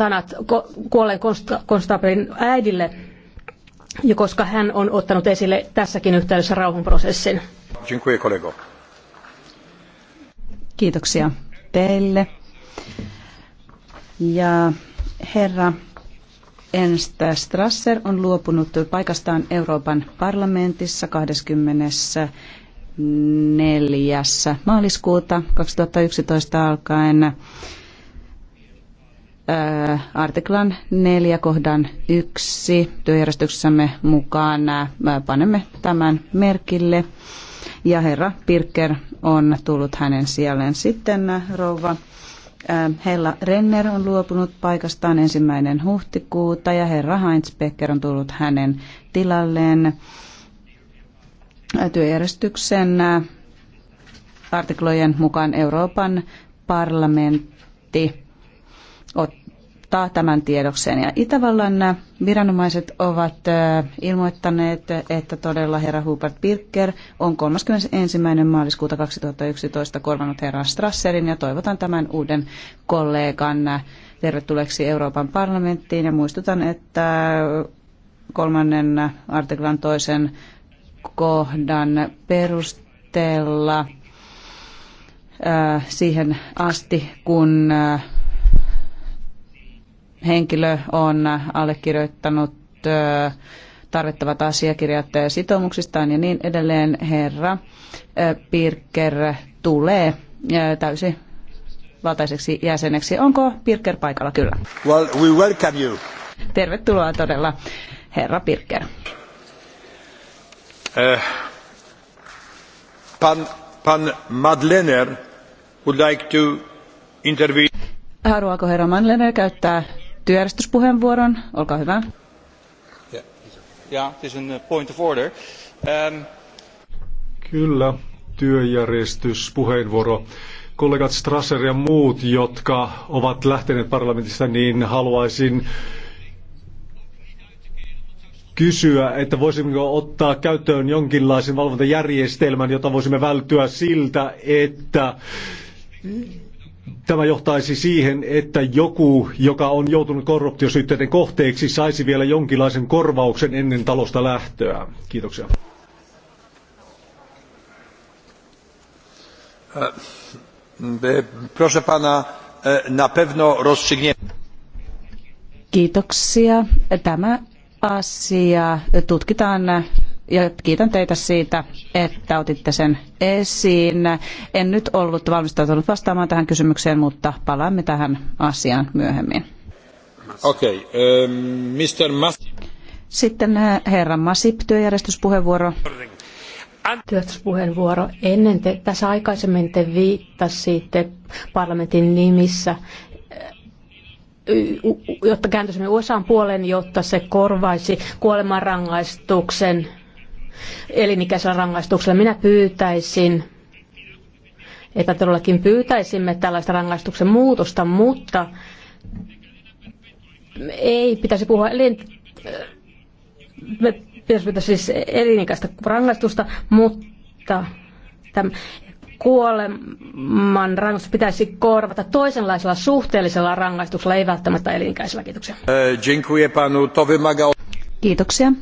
sanat kuolleen konstaapelin äidille, koska hän on ottanut esille tässäkin yhteydessä rauhanprosessin. Kiitoksia teille. Ja herra Ernst Strasser on luopunut paikastaan Euroopan parlamentissa 24. maaliskuuta 2011 alkaen artiklan neljä kohdan yksi työjärjestyksessämme mukaan panemme tämän merkille. Ja herra Pirker on tullut hänen sijalleen sitten rouva. Hella Renner on luopunut paikastaan ensimmäinen huhtikuuta ja herra Heinz Becker on tullut hänen tilalleen työjärjestyksen artiklojen mukaan Euroopan parlamentti ottaa ottaa tämän tiedokseen. Ja Itävallan äh, viranomaiset ovat äh, ilmoittaneet, että todella herra Hubert Birker on 31. maaliskuuta 2011 korvanut herra Strasserin ja toivotan tämän uuden kollegan äh, tervetulleeksi Euroopan parlamenttiin ja muistutan, että kolmannen artiklan toisen kohdan perusteella siihen asti, kun henkilö on allekirjoittanut tarvittavat asiakirjat sitoumuksistaan ja niin edelleen, herra Pirker tulee täysi valtaiseksi jäseneksi. Onko Pirker paikalla? Kyllä. Well, we welcome you. Tervetuloa todella, herra Pirker. Uh, pan, pan Madlener would like to intervene. Haluaako herra Madlener käyttää työjärjestyspuheenvuoron. Olkaa hyvä. Ja, is een point of order. Um... Kyllä, työjärjestyspuheenvuoro. Kollegat Strasser ja muut, jotka ovat lähteneet parlamentista, niin haluaisin kysyä, että voisimmeko ottaa käyttöön jonkinlaisen valvontajärjestelmän, jota voisimme välttyä siltä, että Tämä johtaisi siihen, että joku, joka on joutunut korruptiosyytteiden kohteeksi, saisi vielä jonkinlaisen korvauksen ennen talosta lähtöä. Kiitoksia. Proszę pana, e, na pewno Kiitoksia. Tämä asia tutkitaan ja kiitän teitä siitä, että otitte sen esiin. En nyt ollut valmistautunut vastaamaan tähän kysymykseen, mutta palaamme tähän asiaan myöhemmin. Okay, um, Mr. Mas- Sitten äh, herra Masip, työjärjestyspuheenvuoro. Työjärjestyspuheenvuoro. Ennen te, tässä aikaisemmin te viittasitte parlamentin nimissä äh, jotta kääntyisimme USAn puolen, jotta se korvaisi kuolemanrangaistuksen elinikäisellä rangaistuksella. Minä pyytäisin, että todellakin pyytäisimme tällaista rangaistuksen muutosta, mutta ei pitäisi puhua elin... Me pitäisi pyytää siis elinikäistä rangaistusta, mutta tämän kuoleman rangaistus pitäisi korvata toisenlaisella suhteellisella rangaistuksella, ei välttämättä elinikäisellä. Kiitoksia. Kiitoksia.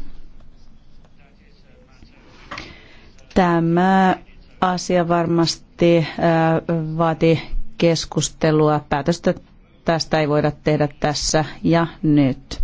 Tämä asia varmasti äh, vaati keskustelua. Päätöstä tästä ei voida tehdä tässä ja nyt.